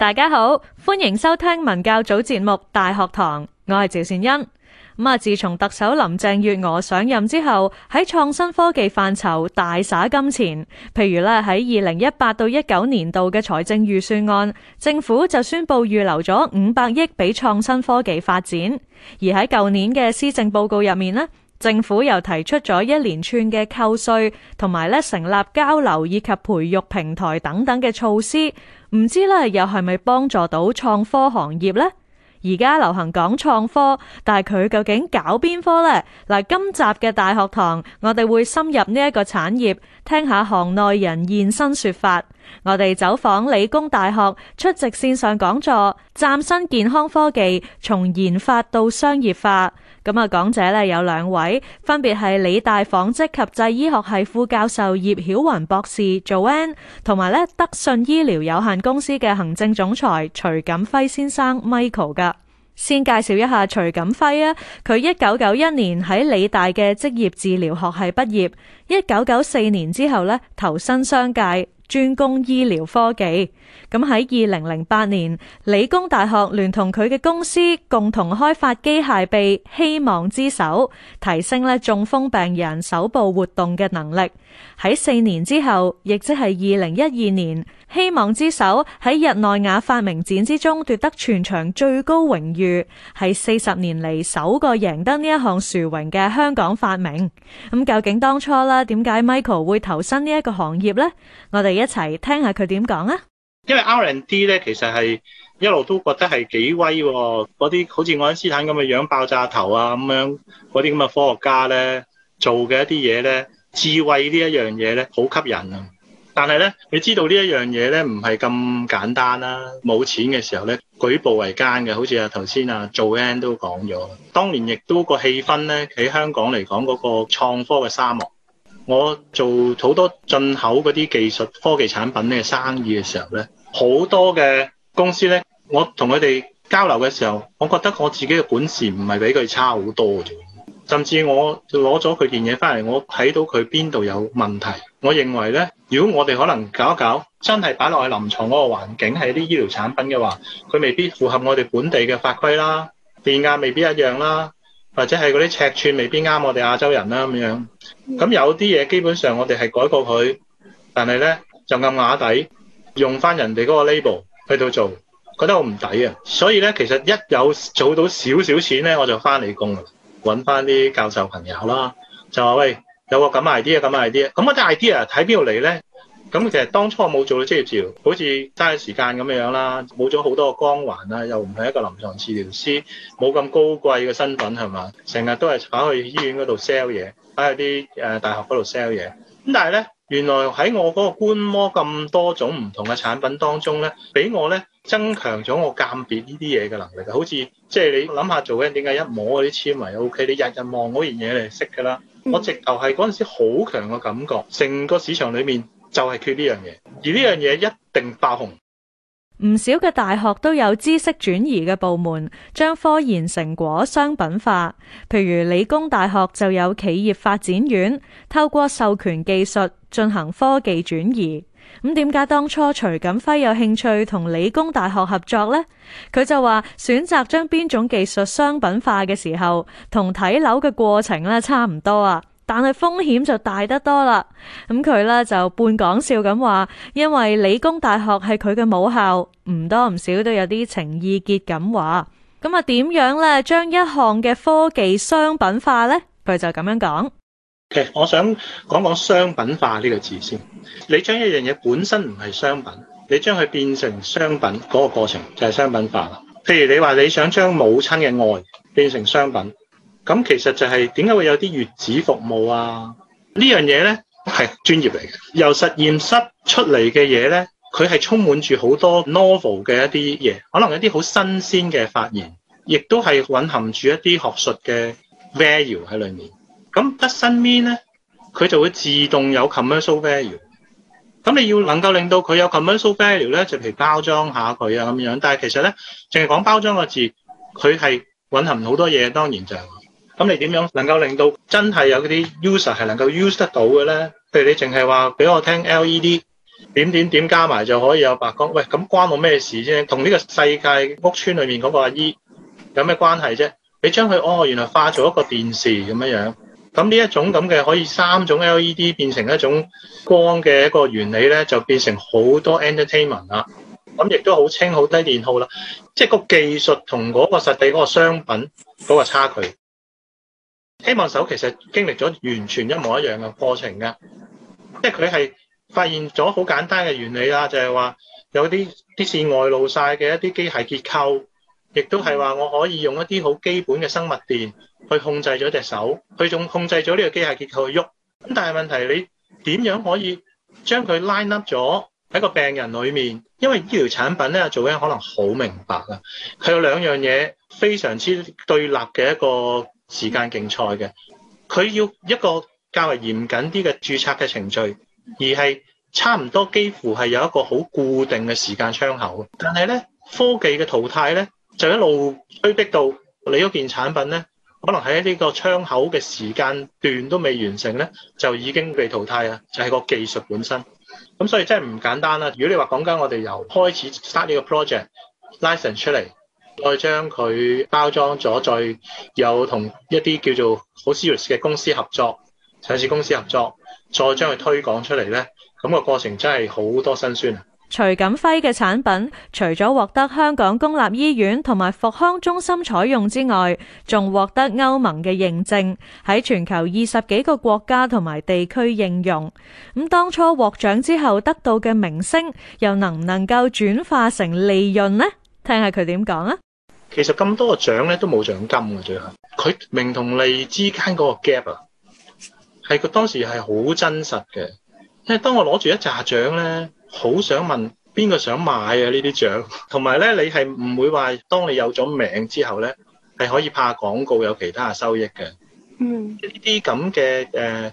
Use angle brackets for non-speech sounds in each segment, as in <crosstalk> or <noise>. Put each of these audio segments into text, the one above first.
大家好，歡迎收聽文教組節目《大學堂》，我係趙善恩。咁啊，自從特首林鄭月娥上任之後，喺創新科技範疇大灑金錢。譬如咧，喺二零一八到一九年度嘅財政預算案，政府就宣佈預留咗五百億俾創新科技發展。而喺舊年嘅施政報告入面咧。政府又提出咗一連串嘅扣稅，同埋咧成立交流以及培育平台等等嘅措施，唔知咧又係咪幫助到創科行業呢？而家流行講創科，但係佢究竟搞邊科呢？嗱，今集嘅大學堂，我哋會深入呢一個產業，聽下行內人現身說法。我哋走訪理工大學，出席線上講座，嶄新健康科技，從研發到商業化。咁啊，講者呢有兩位，分別係理大紡織及製醫學系副教授葉曉雲博士 Joanne，同埋呢德信醫療有限公司嘅行政總裁徐錦輝先生 Michael 嘅。先介紹一下徐錦輝啊，佢一九九一年喺理大嘅職業治療學系畢業，一九九四年之後呢投身商界。專攻醫療科技，咁喺二零零八年，理工大學聯同佢嘅公司共同開發機械臂「希望之手」，提升咗中風病人手部活動嘅能力。喺四年之後，亦即係二零一二年。希望之手喺日內瓦發明展之中奪得全場最高榮譽，係四十年嚟首個贏得呢一項殊榮嘅香港發明。咁、嗯、究竟當初啦，點解 Michael 會投身呢一個行業呢？我哋一齊聽下佢點講啊！因為 R&D 咧，其實係一路都覺得係幾威，嗰啲好似愛因斯坦咁嘅樣樣爆炸頭啊咁樣，嗰啲咁嘅科學家咧做嘅一啲嘢咧，智慧呢一樣嘢咧，好吸引啊！但係咧，你知道呢一樣嘢咧，唔係咁簡單啦、啊。冇錢嘅時候咧，舉步維艱嘅，好似啊頭先啊 Joanne 都講咗。當年亦都個氣氛咧，喺香港嚟講嗰個創科嘅沙漠。我做好多進口嗰啲技術科技產品嘅生意嘅時候咧，好多嘅公司咧，我同佢哋交流嘅時候，我覺得我自己嘅本事唔係比佢差好多嘅。甚至我攞咗佢件嘢翻嚟，我睇到佢邊度有問題。我認為咧，如果我哋可能搞一搞，真係擺落去臨牀嗰個環境，係啲醫療產品嘅話，佢未必符合我哋本地嘅法規啦，電壓未必一樣啦，或者係嗰啲尺寸未必啱我哋亞洲人啦咁樣。咁有啲嘢基本上我哋係改過佢，但係咧就暗啞底用翻人哋嗰個 label 去到做，覺得好唔抵啊。所以咧，其實一有做到少少錢咧，我就翻理工揾翻啲教授朋友啦，就話喂。有個咁 idea，咁 idea，咁個 idea 啊！睇邊度嚟咧？咁其實當初我冇做到職業治療，好似嘥時間咁樣樣啦，冇咗好多個光環啦，又唔係一個臨床治療師，冇咁高貴嘅身份係嘛？成日都係跑去醫院嗰度 sell 嘢，跑去啲誒大學嗰度 sell 嘢。咁但係咧，原來喺我嗰個觀摩咁多種唔同嘅產品當中咧，俾我咧增強咗我鑑別呢啲嘢嘅能力。好似即係你諗下做緊點解一摸嗰啲纖維 OK，你日日望嗰樣嘢你識㗎啦。我直頭係嗰陣時好強嘅感覺，成個市場裏面就係缺呢樣嘢，而呢樣嘢一定爆紅。唔少嘅大學都有知識轉移嘅部門，將科研成果商品化。譬如理工大學就有企業發展院，透過授權技術進行科技轉移。咁點解當初徐錦輝有興趣同理工大學合作呢？佢就話選擇將邊種技術商品化嘅時候，同睇樓嘅過程咧差唔多啊，但係風險就大得多啦。咁佢咧就半講笑咁話，因為理工大學係佢嘅母校，唔多唔少都有啲情意結咁話。咁啊，點樣咧將一項嘅科技商品化呢？佢就咁樣講。Okay, 我想講講商品化呢個字先。你將一樣嘢本身唔係商品，你將佢變成商品嗰個過程就係商品化啦。譬如你話你想將母親嘅愛變成商品，咁其實就係點解會有啲月子服務啊？呢樣嘢呢係專業嚟嘅，由實驗室出嚟嘅嘢呢，佢係充滿住好多 novel 嘅一啲嘢，可能有啲好新鮮嘅發現，亦都係藴含住一啲學術嘅 value 喺裏面。咁得身邊咧，佢就會自動有 commercial value。咁你要能夠令到佢有 commercial value 咧，就譬如包裝下佢啊咁樣。但係其實咧，淨係講包裝個字，佢係藴含好多嘢。當然就係咁，你點樣能夠令到真係有嗰啲 user 係能夠 use 得到嘅咧？譬如你淨係話俾我聽 LED 點點點加埋就可以有白光，喂咁關我咩事啫？同呢個世界屋村裏面嗰個阿姨有咩關係啫？你將佢哦，原來化做一個電視咁樣樣。咁呢一種咁嘅可以三種 LED 變成一種光嘅一個原理咧，就變成好多 entertainment 啦。咁亦都好清、好低電耗啦。即係個技術同嗰個實地嗰個商品嗰個差距。聽聞手其實經歷咗完全一模一樣嘅過程嘅，即係佢係發現咗好簡單嘅原理啦，就係、是、話有啲啲線外露晒嘅一啲機械結構。亦都係話，我可以用一啲好基本嘅生物電去控制咗隻手，去仲控制咗呢個機械結構去喐。咁但係問題你點樣可以將佢 line up 咗喺個病人裏面？因為醫療產品咧，做緊可能好明白啊。佢有兩樣嘢非常之對立嘅一個時間競賽嘅，佢要一個較為嚴謹啲嘅註冊嘅程序，而係差唔多幾乎係有一個好固定嘅時間窗口。但係咧，科技嘅淘汰咧。就一路推逼到你嗰件產品咧，可能喺呢個窗口嘅時間段都未完成咧，就已經被淘汰啦，就係個技術本身，咁所以真係唔簡單啦。如果你話講緊我哋由開始 start 呢個 project license 出嚟，再將佢包裝咗，再有同一啲叫做好 serious 嘅公司合作，上市公司合作，再將佢推廣出嚟咧，咁個過程真係好多辛酸啊！徐錦輝嘅產品除咗獲得香港公立醫院同埋復康中心採用之外，仲獲得歐盟嘅認證，喺全球二十幾個國家同埋地區應用。咁當初獲獎之後得到嘅名聲，又能唔能夠轉化成利潤呢？聽下佢點講啊！其實咁多個獎咧都冇獎金嘅，最後佢名同利之間嗰個 gap 啊，係佢當時係好真實嘅，因為當我攞住一扎獎咧。好想問邊個想買啊？呢啲獎同埋咧，你係唔會話，當你有咗名之後咧，係可以拍廣告有其他嘅收益嘅。嗯，呢啲咁嘅誒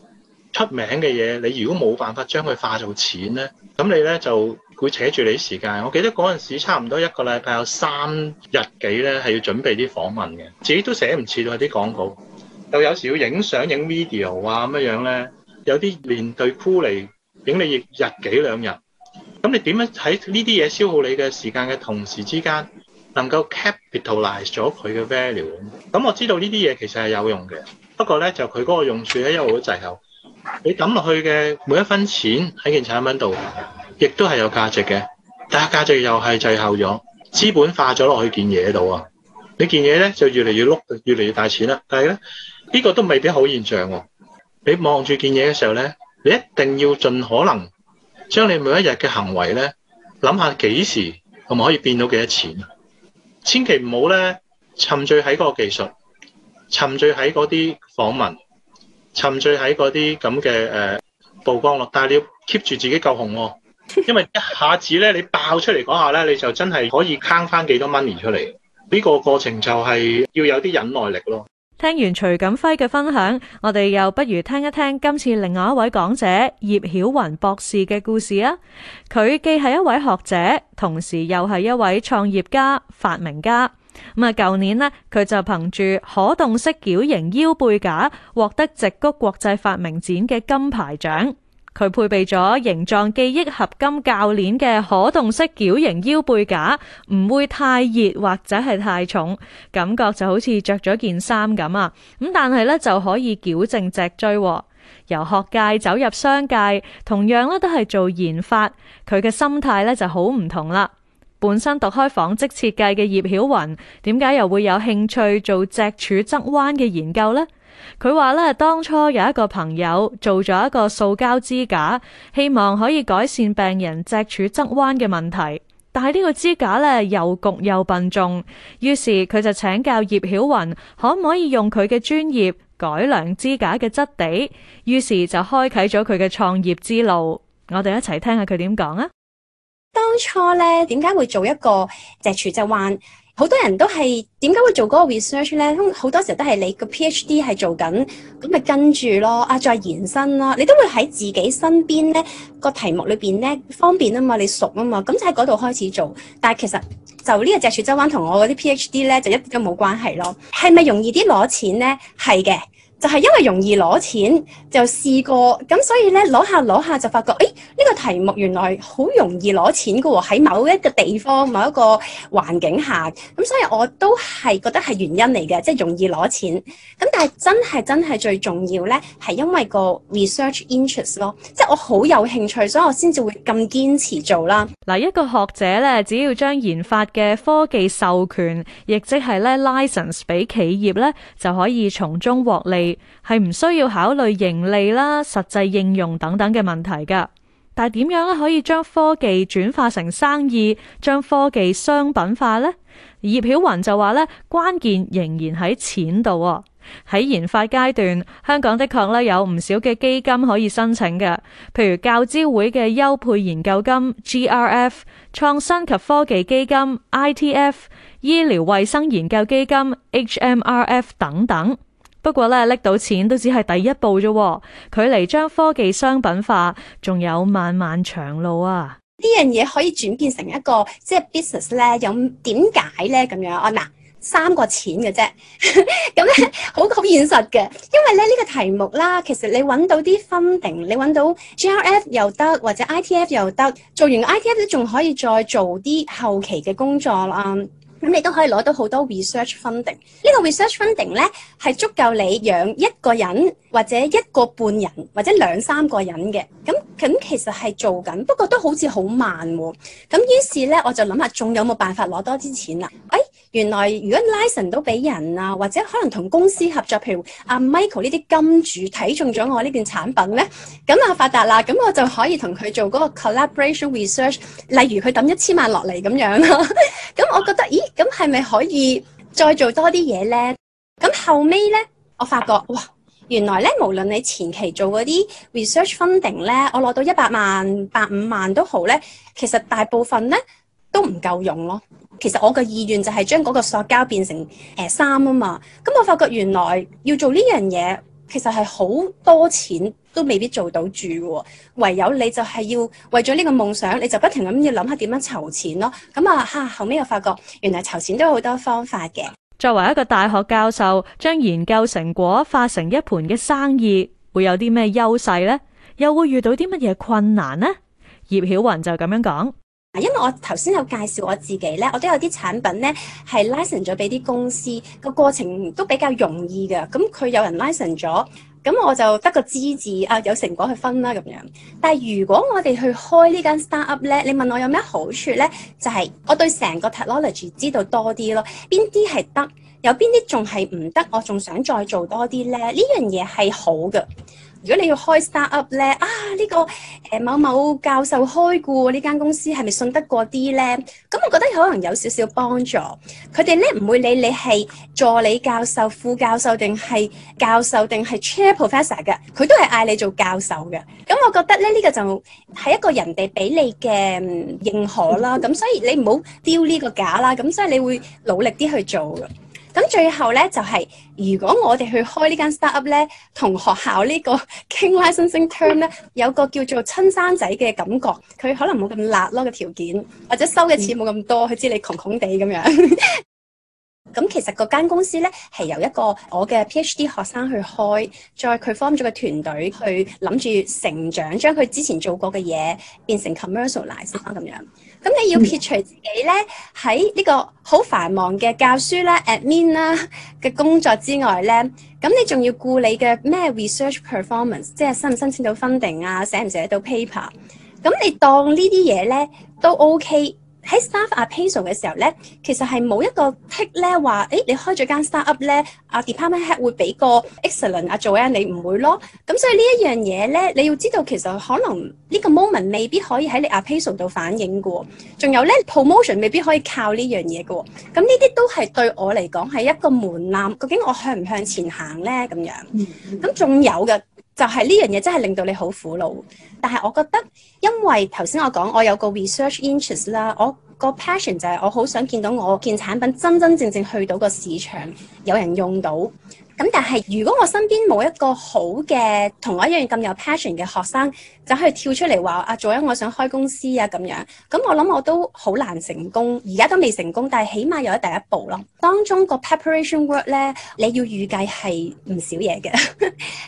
出名嘅嘢，你如果冇辦法將佢化做錢咧，咁你咧就會扯住你時間。我記得嗰陣時差唔多一個禮拜有三日幾咧，係要準備啲訪問嘅，自己都寫唔切到啲廣告，又有時要影相影 video 啊，咁樣樣咧，有啲面對 crew 嚟影你一日幾兩日。咁你點樣喺呢啲嘢消耗你嘅時間嘅同時之間，能夠 capitalize 咗佢嘅 value？咁我知道呢啲嘢其實係有用嘅，不過咧就佢嗰個用處咧，一路都滯後。你抌落去嘅每一分錢喺件產品度，亦都係有價值嘅，但係價值又係滯後咗，資本化咗落去件嘢度啊！你件嘢咧就越嚟越碌，越嚟越大錢啦。但係咧，呢個都未必好現象喎。你望住件嘢嘅時候咧，你一定要盡可能，將你每一日嘅行為咧，諗下幾時同埋可以變到幾多錢。千祈唔好咧，沉醉喺嗰個技術，沉醉喺嗰啲訪問，沉醉喺嗰啲咁嘅誒曝光率。但係你要 keep 住自己夠紅喎、哦，因為一下子咧你爆出嚟嗰下咧，你就真係可以慳翻幾多 money 出嚟。呢、這個過程就係要有啲忍耐力咯。聽完徐錦輝嘅分享，我哋又不如聽一聽今次另外一位講者葉曉雲博士嘅故事啊！佢既係一位學者，同時又係一位創業家、發明家。咁啊，舊年咧，佢就憑住可動式矯形腰背架獲得直谷國際發明展嘅金牌獎。佢配備咗形狀記憶合金鉸鏈嘅可動式矯形腰背架，唔會太熱或者係太重，感覺就好似着咗件衫咁啊！咁但係咧就可以矯正脊椎。由學界走入商界，同樣咧都係做研發，佢嘅心態咧就好唔同啦。本身讀開紡織設計嘅葉曉雲，點解又會有興趣做脊柱側彎嘅研究呢？佢話咧，當初有一個朋友做咗一個塑膠支架，希望可以改善病人脊柱側彎嘅問題。但係呢個支架咧又焗又笨重，於是佢就請教葉曉雲，可唔可以用佢嘅專業改良支架嘅質地？於是就開啟咗佢嘅創業之路。我哋一齊聽下佢點講啊！當初咧，點解會做一個脊柱側彎？好多人都係點解會做嗰個 research 咧？好多時候都係你個 PhD 係做緊，咁咪跟住咯，啊再延伸咯，你都會喺自己身邊咧個題目裏邊咧方便啊嘛，你熟啊嘛，咁就喺嗰度開始做。但係其實就呢個脊柱側彎同我嗰啲 PhD 咧就一啲都冇關係咯。係咪容易啲攞錢咧？係嘅。就係因為容易攞錢就試過，咁，所以咧攞下攞下就發覺誒呢、哎呢個題目原來好容易攞錢噶，喺某一個地方、某一個環境下，咁所以我都係覺得係原因嚟嘅，即係容易攞錢，咁但係真係真係最重要咧，係因為個 research interest 咯，即係我好有興趣，所以我先至會咁堅持做啦。嗱，一個學者咧，只要將研發嘅科技授權，亦即係咧 license 俾企業咧，就可以從中獲利。係唔需要考慮盈利啦、實際應用等等嘅問題噶。但係點樣咧可以將科技轉化成生意，將科技商品化呢？葉曉雲就話咧，關鍵仍然喺錢度。喺研發階段，香港的確咧有唔少嘅基金可以申請嘅，譬如教資會嘅優配研究金 （GRF）、創新及科技基金 （ITF）、醫療衛生研究基金 （HMRF） 等等。不過咧，拎到錢都只係第一步啫，距離將科技商品化仲有漫漫長路啊！呢樣嘢可以轉變成一個即係 business 咧，有點解咧咁樣啊？嗱，三個錢嘅啫，咁咧好好現實嘅，因為咧呢個題目啦，其實你揾到啲 funding，你揾到 GRF 又得，或者 ITF 又得，做完 ITF 都仲可以再做啲後期嘅工作啦。咁你都可以攞到好多 research funding，這個、呢個 research funding 咧，係足夠你養一個人或者一個半人或者兩三個人嘅。咁咁其實係做緊，不過都好似好慢喎。咁於是咧，我就諗下仲有冇辦法攞多啲錢啊？誒、欸、原來如果 license 都俾人啊，或者可能同公司合作，譬如阿、啊、Michael 呢啲金主睇中咗我呢件產品咧，咁啊，發達啦，咁我就可以同佢做嗰個 collaboration research。例如佢抌一千萬落嚟咁樣咯。咁 <laughs> 我覺得咦～咁係咪可以再做多啲嘢呢？咁後尾呢，我發覺哇，原來呢，無論你前期做嗰啲 research funding 呢，我攞到一百萬、百五萬都好呢，其實大部分呢都唔夠用咯。其實我嘅意願就係將嗰個塑膠變成誒衫啊嘛。咁我發覺原來要做呢樣嘢，其實係好多錢。都未必做到住嘅喎，唯有你就係要為咗呢個夢想，你就不停咁要諗下點樣籌錢咯。咁啊嚇，後尾又發覺，原來籌錢都有好多方法嘅。作為一個大學教授，將研究成果化成一盤嘅生意，會有啲咩優勢呢？又會遇到啲乜嘢困難呢？葉曉雲就咁樣講。因為我頭先有介紹我自己呢，我都有啲產品呢，係 licence 咗俾啲公司，個過程都比較容易嘅。咁佢有人 licence 咗。咁我就得個資字啊，有成果去分啦咁樣。但係如果我哋去開呢間 start up 咧，你問我有咩好處咧？就係、是、我對成個 technology 知道多啲咯，邊啲係得，有邊啲仲係唔得，我仲想再做多啲咧。呢樣嘢係好嘅。如果你要開 start up 咧、啊，啊、這、呢個誒某某教授開過呢間公司，係咪信得過啲咧？咁我覺得可能有少少幫助。佢哋咧唔會理你係助理教授、副教授定係教授定係 chair professor 嘅，佢都係嗌你做教授嘅。咁我覺得咧呢、這個就係一個人哋俾你嘅認可啦。咁所以你唔好丟呢個架啦。咁所以你會努力啲去做。咁最後咧，就係、是、如果我哋去開,開呢間 startup 咧，同學校呢個傾 licensing term 咧，有個叫做親生仔嘅感覺，佢可能冇咁辣咯嘅條件，或者收嘅錢冇咁多，佢知你窮窮地咁樣。 <laughs> 咁其實嗰間公司咧係由一個我嘅 PhD 學生去開，再佢 form 咗個團隊去諗住成長，將佢之前做過嘅嘢變成 commercialise 咁樣。咁你要撇除自己咧喺呢個好繁忙嘅教書啦、admin 啦嘅工作之外咧，咁你仲要顧你嘅咩 research performance，即係申唔申請到 funding 啊，寫唔寫得到 paper？咁你當呢啲嘢咧都 OK。喺 staff appraisal 嘅時候咧，其實係冇一個剔咧話，誒你開咗間 startup 咧，阿 department head 會俾個 excellent 阿 job 你，唔會咯。咁所以呢一樣嘢咧，你要知道其實可能呢個 moment 未必可以喺你 appraisal 度反映嘅喎。仲有咧，promotion 未必可以靠呢樣嘢嘅喎。咁呢啲都係對我嚟講係一個門檻，究竟我向唔向前行咧咁樣。咁仲有嘅。就係呢樣嘢真係令到你好苦惱，但係我覺得，因為頭先我講我有個 research interest 啦，我個 passion 就係我好想見到我件產品真真正正去到個市場有人用到。咁但係如果我身邊冇一個好嘅同我一樣咁有 passion 嘅學生，就可以跳出嚟話啊，做緊我想開公司啊咁樣。咁我諗我都好難成功，而家都未成功，但係起碼有咗第一步咯。當中個 preparation work 呢，你要預計係唔少嘢嘅，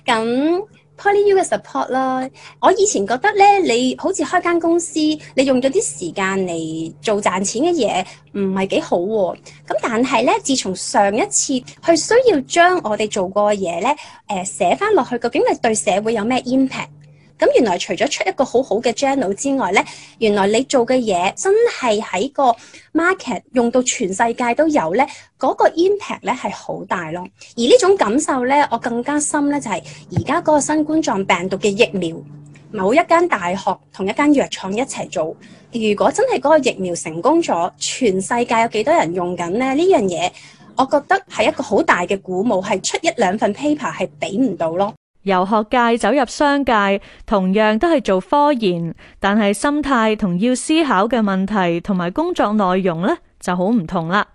咁。 <laughs> PolyU 嘅 support 啦，我以前覺得咧，你好似開間公司，你用咗啲時間嚟做賺錢嘅嘢，啊，唔係幾好喎。咁但係咧，自從上一次，去需要將我哋做過嘅嘢咧，誒、呃、寫翻落去，究竟係對社會有咩 impact？咁原來除咗出一個好好嘅 journal 之外呢，原來你做嘅嘢真係喺個 market 用到全世界都有呢，嗰個 impact 呢係好大咯。而呢種感受呢，我更加深呢就係而家嗰個新冠狀病毒嘅疫苗，某一間大學同一間藥廠一齊做。如果真係嗰個疫苗成功咗，全世界有幾多人用緊呢？呢樣嘢我覺得係一個好大嘅鼓舞，係出一兩份 paper 係畀唔到咯。由學界走入商界，同樣都係做科研，但係心態同要思考嘅問題同埋工作內容呢，就好唔同啦。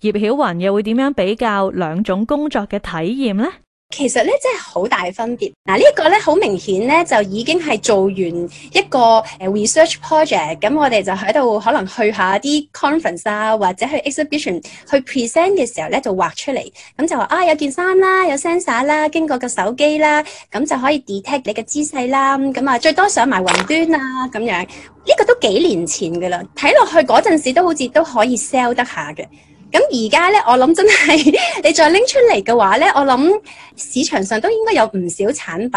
葉曉雲又會點樣比較兩種工作嘅體驗呢？其實咧，真係好大分別嗱。呢個咧，好明顯咧，就已經係做完一個誒 research project。咁 <noise> 我哋就喺度可能去一下啲 conference 啊，或者去 exhibition 去 present 嘅時候咧，就畫出嚟。咁就話啊，有件衫啦，有 sensor 啦，經過個手機啦，咁就可以 detect 你嘅姿勢啦。咁啊，最多上埋雲端啊，咁樣呢個都幾年前噶啦。睇落去嗰陣時都好似都可以 sell 得下嘅。咁而家咧，我諗真係 <laughs> 你再拎出嚟嘅話咧，我諗市場上都應該有唔少產品，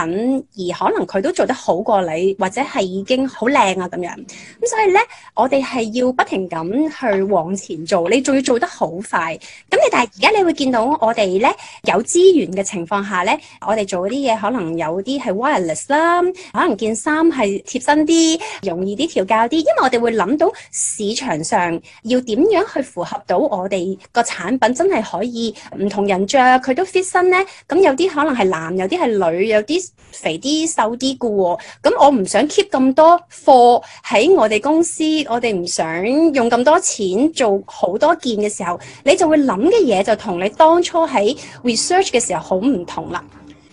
而可能佢都做得好過你，或者係已經好靚啊咁樣，咁所以咧，我哋係要不停咁去往前做，你仲要做得好快。咁你但係而家你會見到我哋咧有資源嘅情況下咧，我哋做啲嘢可能有啲係 wireless 啦，可能件衫係貼身啲、容易啲調校啲，因為我哋會諗到市場上要點樣去符合到我哋。個產品真係可以唔同人着，佢都 fit 身呢，咁有啲可能係男，有啲係女，有啲肥啲、瘦啲嘅喎。咁我唔想 keep 咁多貨喺我哋公司，我哋唔想用咁多錢做好多件嘅時候，你就會諗嘅嘢就同你當初喺 research 嘅時候好唔同啦。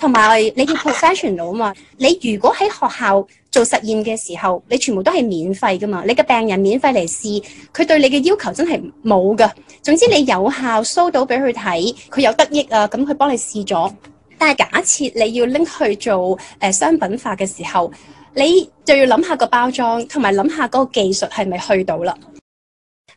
同埋你叫 professional 佬嘛？你如果喺學校做實驗嘅時候，你全部都係免費㗎嘛？你嘅病人免費嚟試，佢對你嘅要求真係冇㗎。總之你有效 show 到俾佢睇，佢有得益啊，咁佢幫你試咗。但係假設你要拎去做誒、呃、商品化嘅時候，你就要諗下個包裝，同埋諗下嗰個技術係咪去到啦？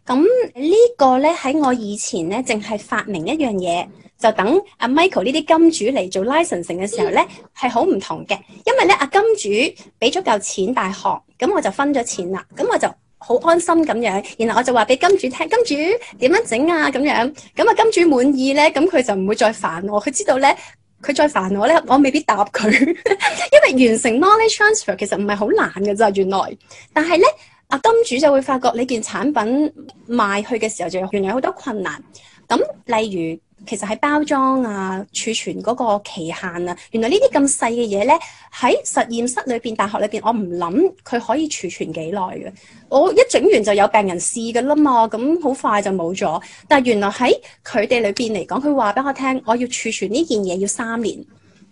咁呢個呢喺我以前呢，淨係發明一樣嘢。就等阿 Michael 呢啲金主嚟做 licensing 嘅時候咧，係好唔同嘅，因為咧阿金主俾咗夠錢大學，咁我就分咗錢啦，咁我就好安心咁樣，然後我就話俾金主聽，金主點樣整啊咁樣，咁啊金主滿意咧，咁佢就唔會再煩我，佢知道咧，佢再煩我咧，我未必答佢， <laughs> 因為完成 knowledge transfer 其實唔係好難嘅咋，原來，但係咧阿金主就會發覺你件產品賣去嘅時候，就原來有好多困難，咁例如。其實喺包裝啊、儲存嗰個期限啊，原來呢啲咁細嘅嘢呢，喺實驗室裏邊、大學裏邊，我唔諗佢可以儲存幾耐嘅。我一整完就有病人試㗎啦嘛，咁好快就冇咗。但係原來喺佢哋裏邊嚟講，佢話俾我聽，我要儲存呢件嘢要三年。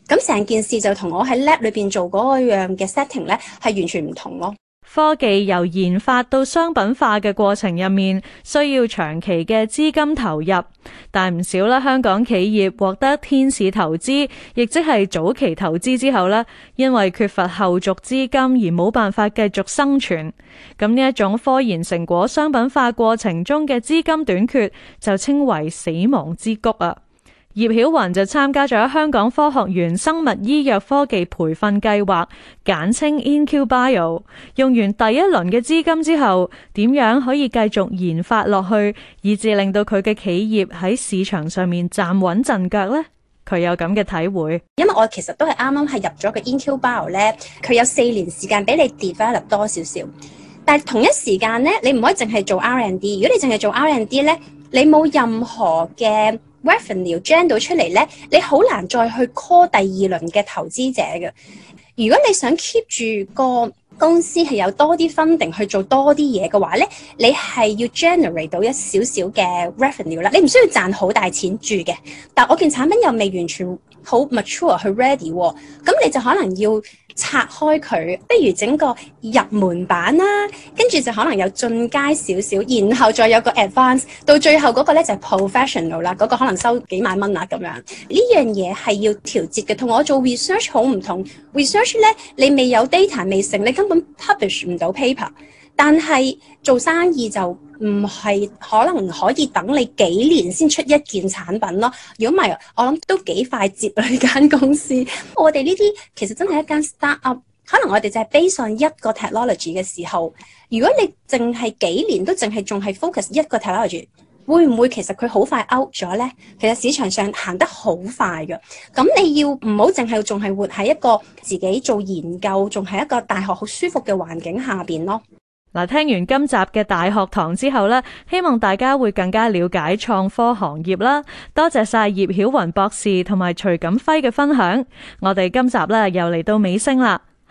咁成件事就同我喺 lab 裏邊做嗰樣嘅 setting 呢，係完全唔同咯。科技由研發到商品化嘅過程入面，需要長期嘅資金投入，但唔少啦香港企業獲得天使投資，亦即係早期投資之後呢，因為缺乏後續資金而冇辦法繼續生存。咁呢一種科研成果商品化過程中嘅資金短缺，就稱為死亡之谷啊！葉曉雲就參加咗香港科學園生物醫藥科技培訓計劃，簡稱 InQBio。用完第一輪嘅資金之後，點樣可以繼續研發落去，以至令到佢嘅企業喺市場上面站穩陣腳呢？佢有咁嘅體會。因為我其實都係啱啱係入咗個 InQBio 咧，佢有四年時間俾你 develop 多少少，但係同一時間呢，你唔可以淨係做 R&D，D，如果你淨係做 R&D 呢，D，你冇任何嘅。Revenue drain 到出嚟咧，你好難再去 call 第二輪嘅投資者嘅。如果你想 keep 住個公司係有多啲 funding 去做多啲嘢嘅話咧，你係要 generate 到一少少嘅 revenue 啦，你唔需要賺好大錢住嘅。但我見產品又未完全好 mature 去 ready 咁你就可能要拆開佢，不如整個入門版啦，跟住就可能有進階少少，然後再有個 advance 到最後個個咧就係 professional 啦，個可能收幾萬蚊啊咁樣呢樣嘢係要調節嘅，同我做 research 好唔同，research 咧你未有 data 未成，你今 publish 唔到 paper，但係做生意就唔係可能可以等你幾年先出一件產品咯。如果唔係，我諗都幾快接呢間公司。 <laughs> 我哋呢啲其實真係一間 startup，可能我哋就係 base on 一個 technology 嘅時候，如果你淨係幾年都淨係仲係 focus 一個 technology。會唔會其實佢好快 out 咗呢？其實市場上行得好快嘅，咁你要唔好淨係仲係活喺一個自己做研究，仲喺一個大學好舒服嘅環境下邊咯。嗱，聽完今集嘅大學堂之後呢，希望大家會更加了解創科行業啦。多謝晒葉曉雲博士同埋徐錦輝嘅分享。我哋今集咧又嚟到尾聲啦。